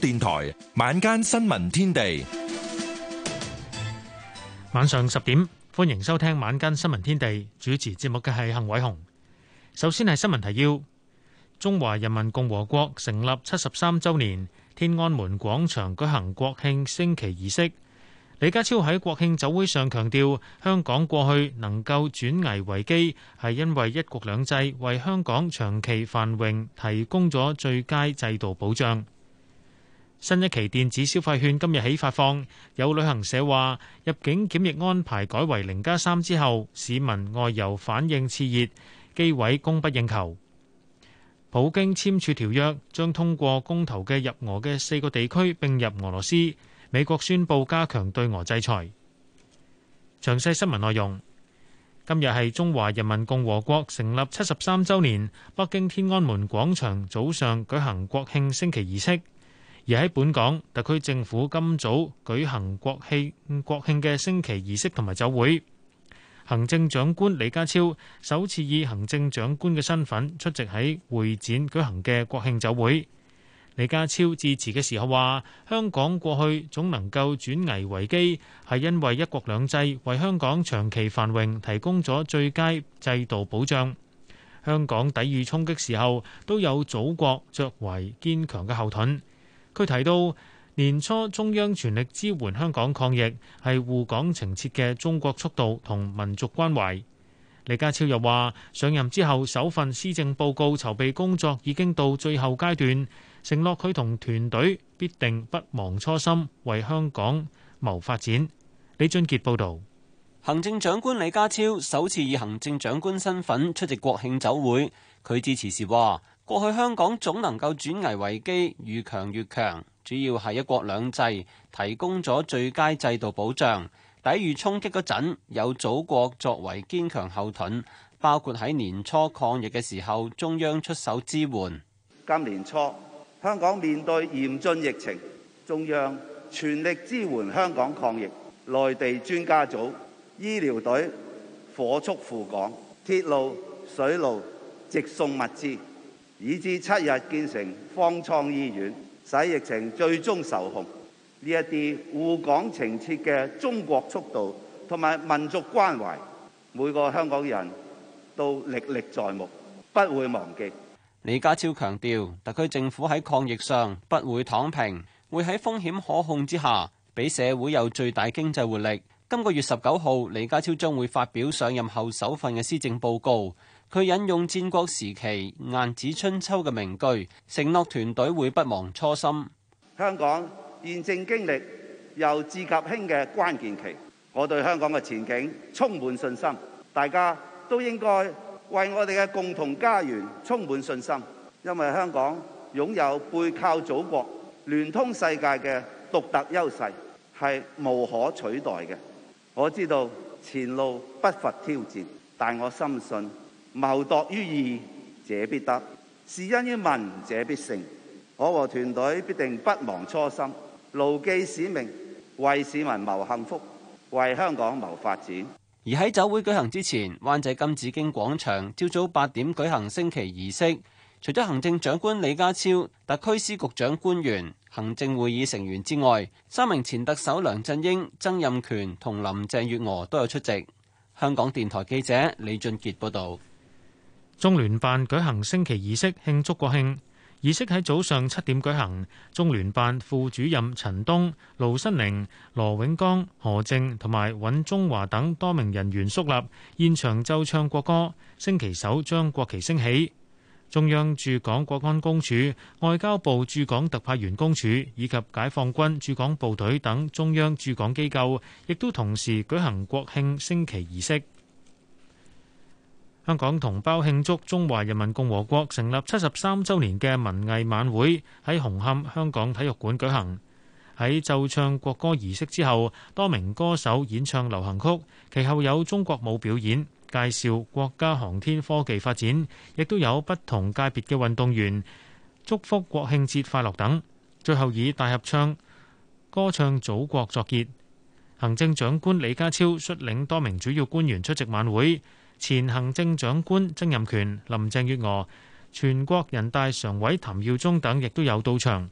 電台晚間新聞天地，晚上十點歡迎收聽晚間新聞天地。主持節目嘅係幸偉雄。首先係新聞提要：中華人民共和國成立七十三周年，天安門廣場舉行國慶升旗儀式。李家超喺國慶酒會上強調，香港過去能夠轉危為機，係因為一國兩制為香港長期繁榮提供咗最佳制度保障。新一期電子消費券今日起發放，有旅行社話入境檢疫安排改為零加三之後，市民外遊反應熾熱，機位供不應求。普京簽署條約，將通過公投嘅入俄嘅四個地區並入俄羅斯。美國宣布加強對俄制裁。詳細新聞內容，今日係中華人民共和國成立七十三週年，北京天安門廣場早上舉行國慶升旗儀式。而喺本港，特區政府今早舉行國慶國慶嘅升旗儀式同埋酒會，行政長官李家超首次以行政長官嘅身份出席喺會展舉行嘅國慶酒會。李家超致辭嘅時候話：香港過去總能夠轉危為機，係因為一國兩制為香港長期繁榮提供咗最佳制度保障。香港抵御衝擊時候都有祖國作為堅強嘅後盾。佢提到，年初中央全力支援香港抗疫，係護港情切嘅中國速度同民族關懷。李家超又話上任之後首份施政報告籌備工作已經到最後階段，承諾佢同團隊必定不忘初心，為香港謀發展。李俊傑報道。行政長官李家超首次以行政長官身份出席國慶酒會，佢致辭時話。過去香港總能夠轉危為機，愈強愈強，主要係一國兩制提供咗最佳制度保障。抵禦衝擊嗰陣，有祖國作為堅強後盾，包括喺年初抗疫嘅時候，中央出手支援。今年初，香港面對嚴峻疫情，中央全力支援香港抗疫，內地專家組、醫療隊火速赴港，鐵路、水路直送物資。以至七日建成方艙醫院，使疫情最終受控。呢一啲護港情切嘅中國速度同埋民族關懷，每個香港人都歷歷在目，不會忘記。李家超強調，特區政府喺抗疫上不會躺平，會喺風險可控之下，俾社會有最大經濟活力。今個月十九號，李家超將會發表上任後首份嘅施政報告。佢引用戰國時期《晏子春秋》嘅名句，承諾團隊會不忘初心。香港現正經歷由治及興嘅關鍵期，我對香港嘅前景充滿信心。大家都應該為我哋嘅共同家園充滿信心，因為香港擁有背靠祖國、聯通世界嘅獨特優勢，係無可取代嘅。我知道前路不乏挑戰，但我深信。謀度於義者必得，事因於民者必成。我和團隊必定不忘初心，牢記使命，為市民謀幸福，為香港謀發展。而喺酒會舉行之前，灣仔金紫荊廣場朝早八點舉行升旗儀式。除咗行政長官李家超、特區司局長官員、行政會議成員之外，三名前特首梁振英、曾蔭權同林鄭月娥都有出席。香港電台記者李俊傑報道。中聯辦舉行升旗儀式慶祝國慶，儀式喺早上七點舉行。中聯辦副主任陳東、盧新寧、羅永剛、何靖同埋尹中華等多名人員肅立，現場奏唱國歌，升旗手將國旗升起。中央駐港國安公署、外交部駐港特派員公署以及解放軍駐港部隊等中央駐港機構亦都同時舉行國慶升旗儀式。香港同胞慶祝中華人民共和國成立七十三週年嘅文藝晚會喺紅磡香港體育館舉行。喺奏唱國歌儀式之後，多名歌手演唱流行曲，其後有中國舞表演，介紹國家航天科技發展，亦都有不同界別嘅運動員祝福國慶節快樂等。最後以大合唱歌唱祖國作結。行政長官李家超率領多名主要官員出席晚會。前行政長官曾蔭權、林鄭月娥、全國人大常委譚耀宗等亦都有到場。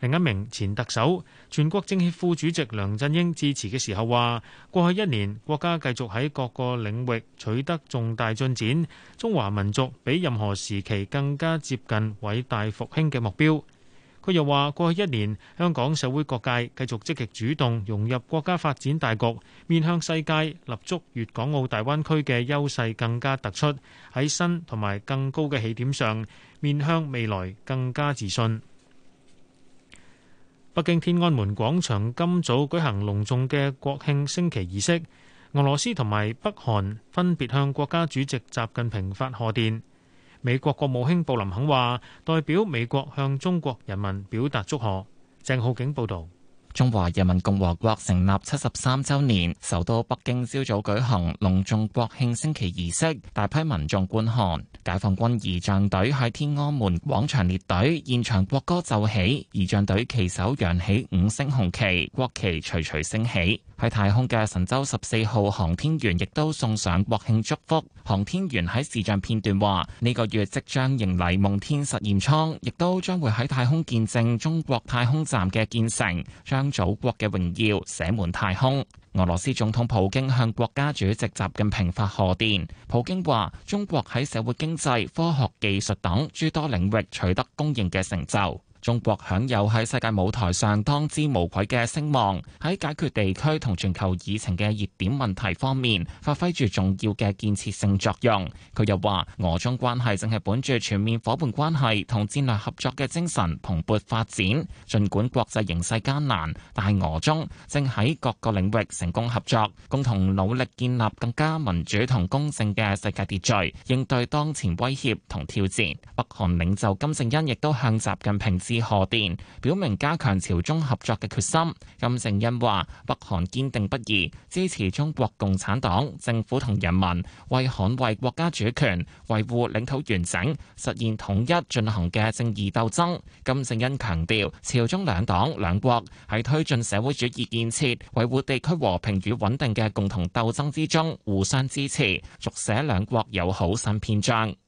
另一名前特首、全國政協副主席梁振英致辭嘅時候話：過去一年，國家繼續喺各個領域取得重大進展，中華民族比任何時期更加接近偉大復興嘅目標。佢又話：過去一年，香港社會各界繼續積極主動融入國家發展大局，面向世界，立足粵港澳大灣區嘅優勢更加突出，喺新同埋更高嘅起點上，面向未來更加自信。北京天安門廣場今早舉行隆重嘅國慶升旗儀式，俄羅斯同埋北韓分別向國家主席習近平發賀電。美國國務卿布林肯話，代表美國向中國人民表達祝賀。鄭浩景報道：中華人民共和國成立七十三周年，首都北京朝早舉行隆重國慶升旗儀式，大批民眾觀看。解放軍儀仗隊喺天安門廣場列隊，現場國歌奏起，儀仗隊旗手揚起五星紅旗，國旗徐徐升起。喺太空嘅神舟十四號航天員亦都送上國慶祝福。航天員喺視像片段話：呢個月即將迎嚟夢天實驗艙，亦都將會喺太空見證中國太空站嘅建成，將祖國嘅榮耀寫滿太空。俄羅斯總統普京向國家主席習近平發賀電。普京話：中國喺社會經濟、科學、技術等諸多領域取得公認嘅成就。中國享有喺世界舞台上當之無愧嘅聲望，喺解決地區同全球議程嘅熱點問題方面，發揮住重要嘅建設性作用。佢又話：俄中關係正係本住全面夥伴關係同戰略合作嘅精神蓬勃發展。儘管國際形勢艱難，但係俄中正喺各個領域成功合作，共同努力建立更加民主同公正嘅世界秩序，應對當前威脅同挑戰。北韓領袖金正恩亦都向習近平致賀電表明加強朝中合作嘅決心。金正恩話北韓堅定不移支持中國共產黨政府同人民為捍衛國家主權、維護領土完整、實現統一進行嘅正義鬥爭。金正恩強調，朝中兩黨兩國喺推進社會主義建設、維護地區和平與穩定嘅共同鬥爭之中互相支持，續寫兩國友好新篇章。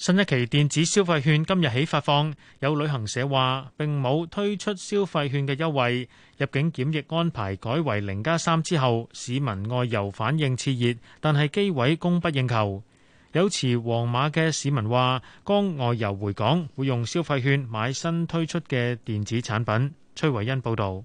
新一期電子消費券今日起發放，有旅行社話並冇推出消費券嘅優惠。入境檢疫安排改為零加三之後，市民外遊反應熾熱，但係機位供不應求。有持黃碼嘅市民話，剛外遊回港會用消費券買新推出嘅電子產品。崔維恩報導。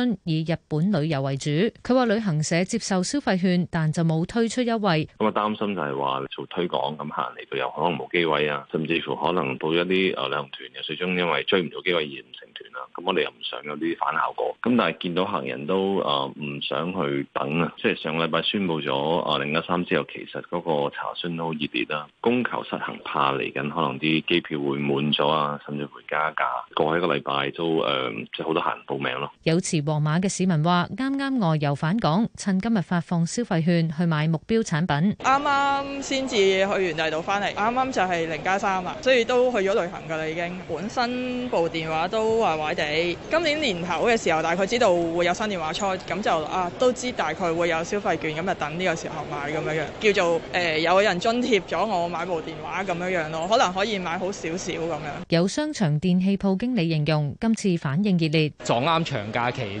以日本旅遊為主，佢話旅行社接受消費券，但就冇推出優惠。咁我擔心就係話做推廣咁行嚟，到有可能冇機位啊，甚至乎可能到一啲誒、旅行團，又最終因為追唔到機會而唔成團啊。咁我哋又唔想有啲反效果。咁但係見到行人都誒、唔想去等啊，即係上禮拜宣佈咗誒、零加三之後，其實嗰個查詢都好熱烈啦，供求失衡，怕嚟緊可能啲機票會滿咗啊，甚至會加價。過一個禮拜都誒、即係好多行人報名咯，有持。皇馬嘅市民話：啱啱外遊返港，趁今日發放消費券去買目標產品。啱啱先至去完第度翻嚟，啱啱就係零加三啦，所以都去咗旅行噶啦已經。本身部電話都壞壞地，今年年頭嘅時候大概知道會有新電話出，咁就啊都知大概會有消費券，咁就等呢個時候買咁樣樣。叫做誒、呃、有人津貼咗我買部電話咁樣樣咯，可能可以買好少少咁樣。有商場電器鋪經理形容，今次反應熱烈，撞啱長假期。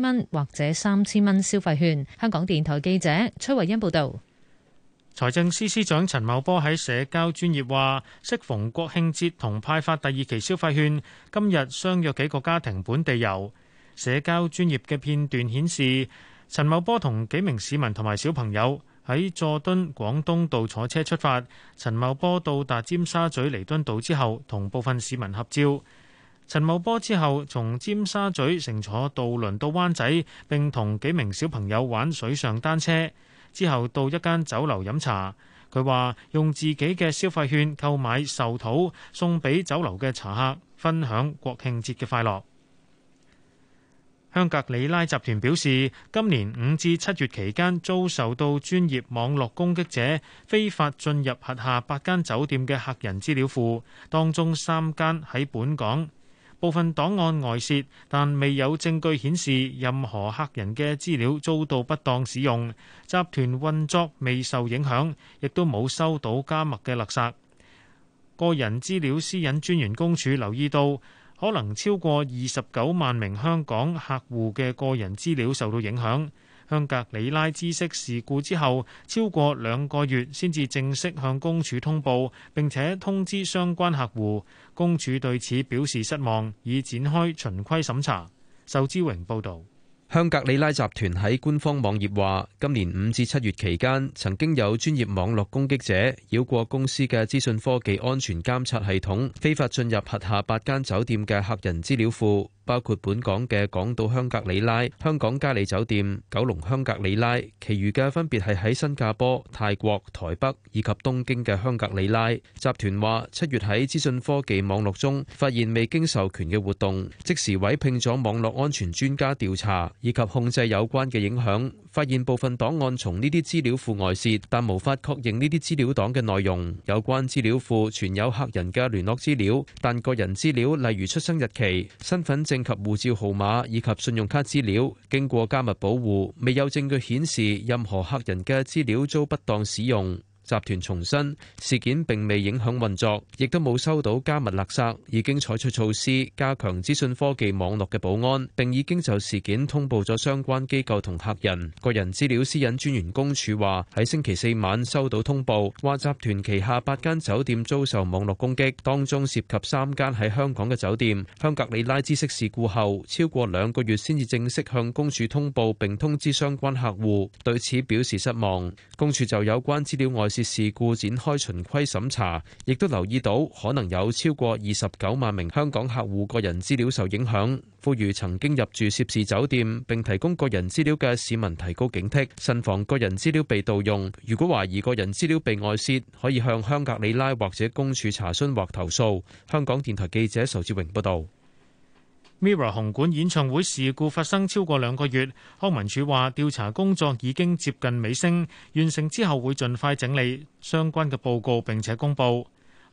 蚊或者三千蚊消費券。香港電台記者崔慧欣報道。財政司司長陳茂波喺社交專頁話，適逢國慶節同派發第二期消費券，今日相約幾個家庭本地遊。社交專頁嘅片段顯示，陳茂波同幾名市民同埋小朋友喺佐敦廣東道坐車出發。陳茂波到達尖沙咀彌敦道之後，同部分市民合照。陳茂波之後從尖沙咀乘坐渡輪到灣仔，並同幾名小朋友玩水上單車。之後到一間酒樓飲茶，佢話用自己嘅消費券購買壽桃送俾酒樓嘅茶客，分享國慶節嘅快樂。香格里拉集團表示，今年五至七月期間遭受到專業網絡攻擊者非法進入轄下八間酒店嘅客人資料庫，當中三間喺本港。部分檔案外泄，但未有證據顯示任何客人嘅資料遭到不當使用。集團運作未受影響，亦都冇收到加密嘅勒索。個人資料私隱專員公署留意到，可能超過二十九萬名香港客戶嘅個人資料受到影響。香格里拉知悉事故之後超過兩個月先至正式向公署通報，並且通知相關客戶。公署對此表示失望，已展開循規審查。仇志榮報道。香格里拉集團喺官方網頁話今年五至七月期間，曾經有專業網絡攻擊者繞過公司嘅資訊科技安全監察系統，非法進入轄下八間酒店嘅客人資料庫。包括本港嘅港島香格里拉、香港嘉里酒店、九龍香格里拉，其餘嘅分別係喺新加坡、泰國、台北以及東京嘅香格里拉。集團話七月喺資訊科技網絡中發現未經授權嘅活動，即時委聘咗網絡安全專家調查以及控制有關嘅影響。發現部分檔案從呢啲資料庫外洩，但無法確認呢啲資料檔嘅內容。有關資料庫存有客人嘅聯絡資料，但個人資料例如出生日期、身份證。及護照號碼以及信用卡資料，經過加密保護，未有證據顯示任何客人嘅資料遭不當使用。集團重申事件並未影響運作，亦都冇收到加密勒索，已經採取措施加強資訊科技網絡嘅保安，並已經就事件通報咗相關機構同客人。個人資料私隱專員公署話喺星期四晚收到通報，話集團旗下八間酒店遭受網絡攻擊，當中涉及三間喺香港嘅酒店。香格里拉知悉事故後，超過兩個月先至正式向公署通報，並通知相關客戶，對此表示失望。公署就有關資料外洩事故展開循規審查，亦都留意到可能有超過二十九萬名香港客戶個人資料受影響，呼籲曾經入住涉事酒店並提供個人資料嘅市民提高警惕，慎防個人資料被盜用。如果懷疑個人資料被外洩，可以向香格里拉或者公署查詢或投訴。香港電台記者仇志榮報道。Mirror 紅館演唱會事故發生超過兩個月，康文署話調查工作已經接近尾聲，完成之後會盡快整理相關嘅報告並且公佈。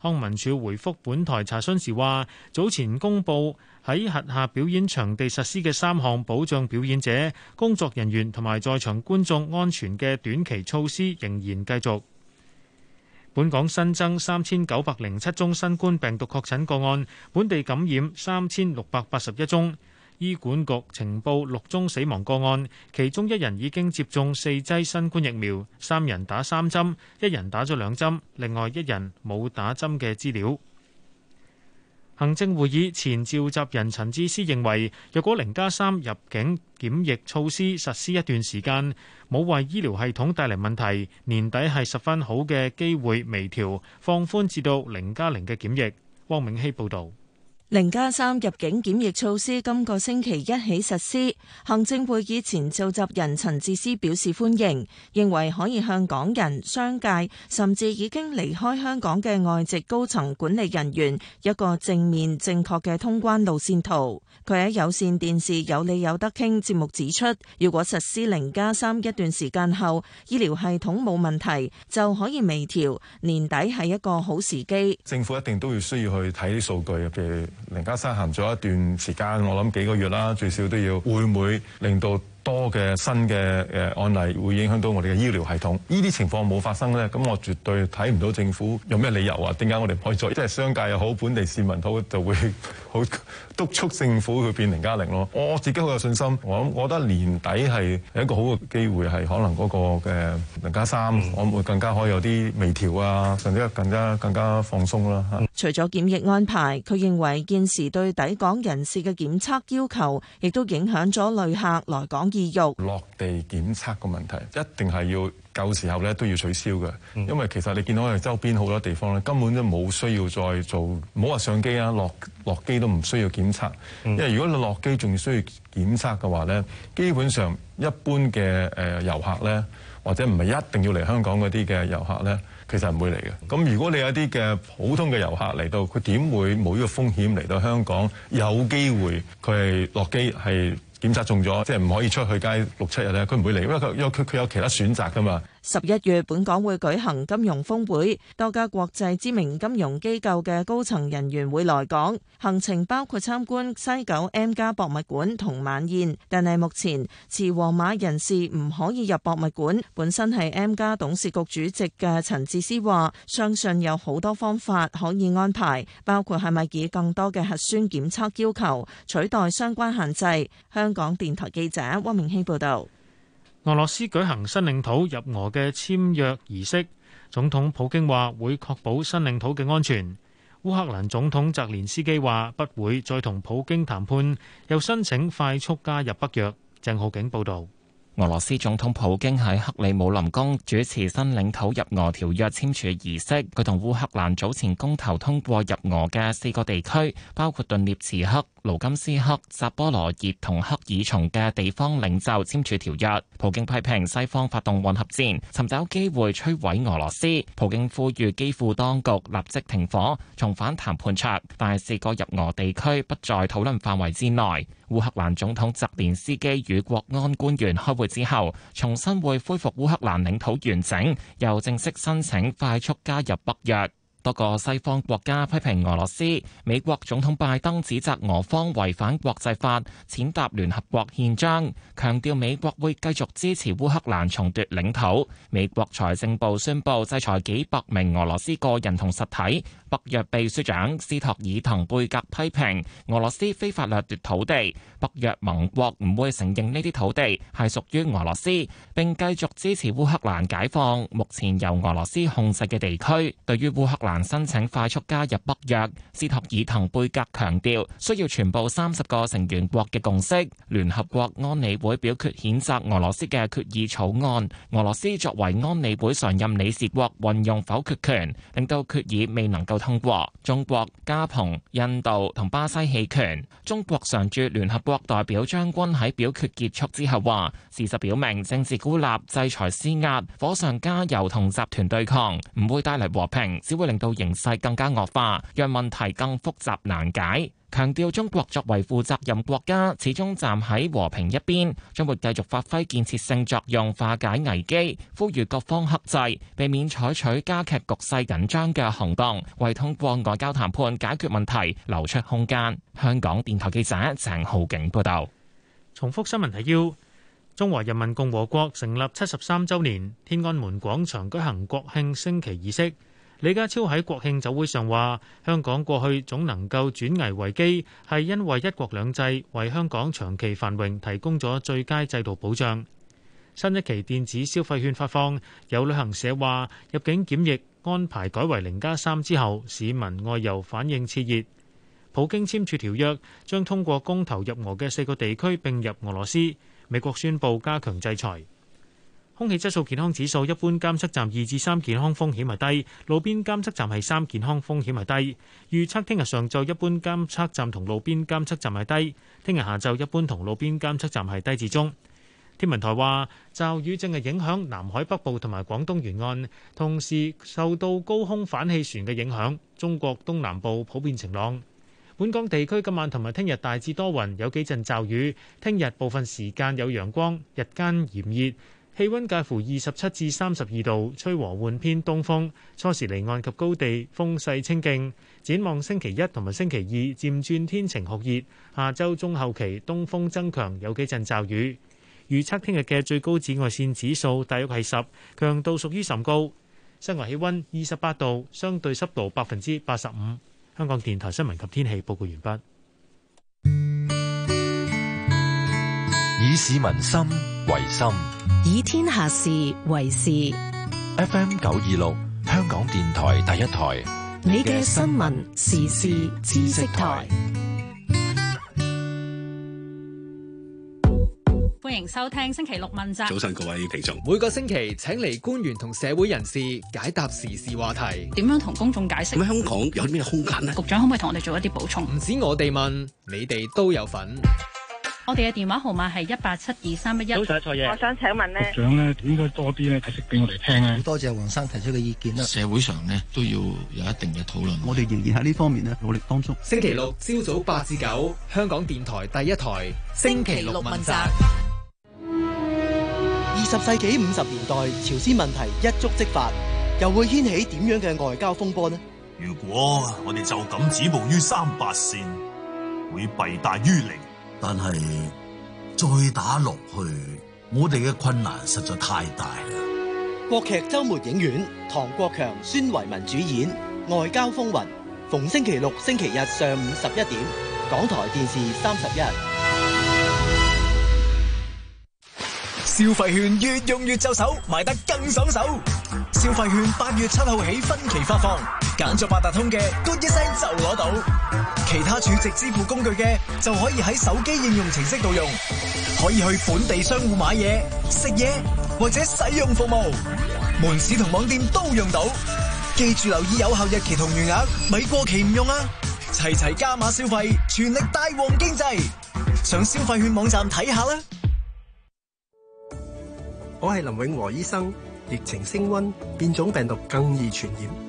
康文署回覆本台查詢時話，早前公佈喺轄下表演場地實施嘅三項保障表演者、工作人員同埋在場觀眾安全嘅短期措施，仍然繼續。本港新增三千九百零七宗新冠病毒確診個案，本地感染三千六百八十一宗，醫管局呈報六宗死亡個案，其中一人已經接種四劑新冠疫苗，三人打三針，一人打咗兩針，另外一人冇打針嘅資料。行政會議前召集人陳智思認為，若果零加三入境檢疫措施實施一段時間，冇為醫療系統帶嚟問題，年底係十分好嘅機會微調放寬至到零加零嘅檢疫。汪明希報道。零加三入境檢疫措施今個星期一起實施，行政會議前召集人陳智思表示歡迎，認為可以向港人、商界甚至已經離開香港嘅外籍高層管理人員一個正面、正確嘅通關路線圖。佢喺有線電視有理有得傾節目指出，如果實施零加三一段時間後，醫療系統冇問題，就可以微調，年底係一個好時機。政府一定都要需要去睇數據嘅。林家山行咗一段時間，我諗幾個月啦，最少都要會唔會令到多嘅新嘅誒，案例會影響到我哋嘅醫療系統，呢啲情況冇發生咧，咁我絕對睇唔到政府有咩理由啊，點解我哋唔可以做？即係商界又好，本地市民都就會好 督促政府去變零加零咯。我自己好有信心，我諗我覺得年底係一個好嘅機會，係可能嗰個嘅零加三，我會更加可以有啲微調啊，甚至更加更加放鬆啦。吓。除咗檢疫安排，佢認為現時對抵港人士嘅檢測要求，亦都影響咗旅客來港。落地檢測嘅問題一定係要夠時候咧都要取消嘅，因為其實你見到嘅周邊好多地方咧，根本都冇需要再做，唔好話上機啊，落落機都唔需要檢測，因為如果你落機仲需要檢測嘅話咧，基本上一般嘅誒遊客咧，或者唔係一定要嚟香港嗰啲嘅遊客咧，其實唔會嚟嘅。咁如果你有啲嘅普通嘅遊客嚟到，佢點會冇呢個風險嚟到香港？有機會佢係落機係。檢測中咗，即係唔可以出去街六七日咧，佢唔會嚟，因為佢有佢佢有其他選擇噶嘛。十一月本港會舉行金融峰會，多家國際知名金融機構嘅高層人員會來港，行程包括參觀西九 M+ 博物館同晚宴。但係目前持黃碼人士唔可以入博物館。本身係 M+ 董事局主席嘅陳智思話，相信有好多方法可以安排，包括係咪以更多嘅核酸檢測要求取代相關限制。香港電台記者汪明熙報道。俄羅斯舉行新領土入俄嘅簽約儀式，總統普京話會確保新領土嘅安全。烏克蘭總統澤連斯基話不會再同普京談判，又申請快速加入北約。鄭浩景報導。俄羅斯總統普京喺克里姆林宮主持新領土入俄條約簽署儀式，佢同烏克蘭早前公投通過入俄嘅四個地區，包括頓涅茨克、盧金斯克、扎波羅熱同克爾松嘅地方領袖簽署條約。普京批評西方發動混合戰，尋找機會摧毀俄羅斯。普京呼籲基輔當局立即停火，重返談判桌。但係四個入俄地區不在討論範圍之內。烏克蘭總統澤連斯基與國安官員開會之後，重新會恢復烏克蘭領土完整，又正式申請快速加入北約。多個西方國家批評俄羅斯，美國總統拜登指責俄方違反國際法，踐踏聯合國憲章，強調美國會繼續支持烏克蘭重奪領土。美國財政部宣布制裁幾百名俄羅斯個人同實體。北約秘書長斯托爾滕貝格批評俄羅斯非法掠奪土地，北約盟國唔會承認呢啲土地係屬於俄羅斯，並繼續支持烏克蘭解放目前由俄羅斯控制嘅地區。對於烏克蘭申請快速加入北約，斯托爾滕貝格強調需要全部三十個成員國嘅共識。聯合國安理會表決譴責俄羅斯嘅決議草案，俄羅斯作為安理會常任理事國運用否決權，令到決議未能夠通過中國、加蓬、印度同巴西棄權。中國常駐聯合國代表張軍喺表決結束之後話：事實表明，政治孤立、制裁施壓、火上加油同集團對抗，唔會帶嚟和平，只會令到形勢更加惡化，讓問題更複雜難解。強調中國作為負責任國家，始終站喺和平一邊，將會繼續發揮建設性作用，化解危機，呼籲各方克制，避免採取加劇局勢緊張嘅行動，為通過外交談判解決問題留出空間。香港電台記者鄭浩景報道。重複新聞提要：中華人民共和國成立七十三週年，天安門廣場舉行國慶升旗儀式。李家超喺國慶酒會上話香港過去總能夠轉危為機，係因為一國兩制為香港長期繁榮提供咗最佳制度保障。新一期電子消費券發放，有旅行社話入境檢疫安排改為零加三之後，市民外遊反應熾熱。普京簽署條約，將通過公投入俄嘅四個地區並入俄羅斯。美國宣布加強制裁。空氣質素健康指數一般監測站二至三，健康風險係低；路邊監測站係三，健康風險係低。預測聽日上晝一般監測站同路邊監測站係低，聽日下晝一般同路邊監測站係低至中。天文台話，驟雨正係影響南海北部同埋廣東沿岸，同時受到高空反氣旋嘅影響，中國東南部普遍晴朗。本港地區今晚同埋聽日大致多雲，有幾陣驟雨。聽日部分時間有陽光，日間炎熱。氣溫介乎二十七至三十二度，吹和緩偏東風。初時離岸及高地風勢清勁。展望星期一同埋星期二，漸轉天晴酷熱。下周中後期東風增強，有幾陣驟雨。預測聽日嘅最高紫外線指數大約係十，強度屬於甚高。室外氣溫二十八度，相對濕度百分之八十五。 香港電台新聞及天氣報告完畢。以市民心為心。以天下事為事。F. M. 九二六香港電台第一台，你嘅新聞時事知識台，歡迎收聽星期六問責。早晨各位聽眾，每個星期請嚟官員同社會人士解答時事話題，點樣同公眾解釋咁香港有啲咩空間呢？局長可唔可以同我哋做一啲補充？唔止，我哋問，你哋都有份。我哋嘅電話號碼係一八七二三一一。Sir, 我想請問呢，局長咧，應該多啲咧，解釋俾我哋聽啊！多謝黃生提出嘅意見啦。社會上呢，都要有一定嘅討論。我哋仍然喺呢方面咧，努力當中。星期六朝早八至九，香港電台第一台星期六問責。二十世紀五十年代，朝鮮問題一觸即發，又會掀起點樣嘅外交風波呢？如果我哋就咁止步於三八線，會弊大於利。但係再打落去，我哋嘅困難實在太大啦。國劇周末影院，唐國強、孫維民主演《外交風雲》，逢星期六、星期日上午十一點，港台電視三十一。消費券越用越就手，買得更爽手。消費券八月七號起分期發放。揀咗八達通嘅，嘟 Good 一聲就攞到；其他儲值支付工具嘅，就可以喺手機應用程式度用。可以去本地商戶買嘢、食嘢或者使用服務，門市同網店都用到。記住留意有效日期同餘額，咪過期唔用啊！齊齊加碼消費，全力帶旺經濟，上消費券網站睇下啦。我係林永和醫生，疫情升溫，變種病毒更易傳染。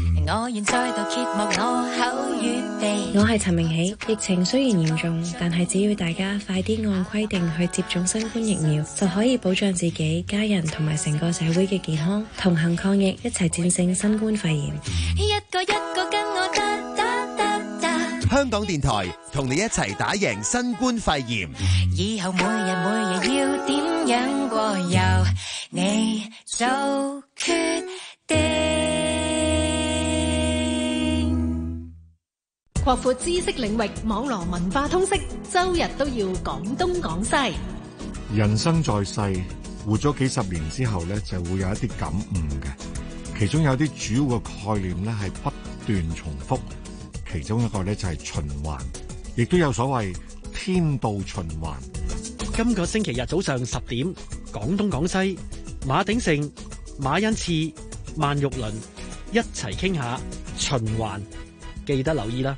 我現在揭幕。我我口地，我係陳明喜，疫情雖然嚴重，但係只要大家快啲按規定去接種新冠疫苗，就可以保障自己、家人同埋成個社會嘅健康，同行抗疫，一齊戰勝新冠肺炎。一個一個跟我得得得得。香港電台同你一齊打贏新冠肺炎。以後每日每日要點樣過，由你做決定。擴闊知識領域，網絡文化通識，周日都要講東講西。人生在世，活咗幾十年之後咧，就會有一啲感悟嘅。其中有啲主要嘅概念咧，係不斷重複。其中一個咧就係循環，亦都有所謂天道循環。今個星期日早上十點，廣東廣西馬鼎盛、馬欣賜、萬玉麟一齊傾下循環，記得留意啦。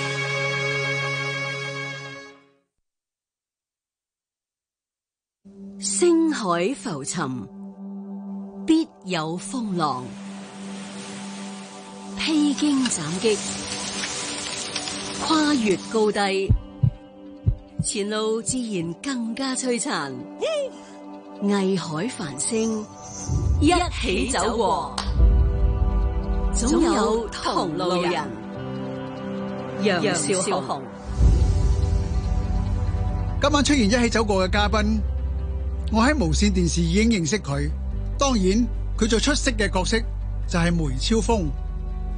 星海浮沉，必有風浪；披荊斬棘，跨越高低，前路自然更加璀璨。藝海繁星，一起走過，總有同路人。楊少紅，今晚出現一起走過嘅嘉賓。我喺無綫電視已經認識佢，當然佢最出色嘅角色就係梅超風，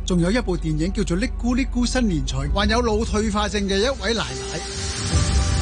仲有一部電影叫做《嚦咕嚦咕新年財》，患有腦退化症嘅一位奶奶。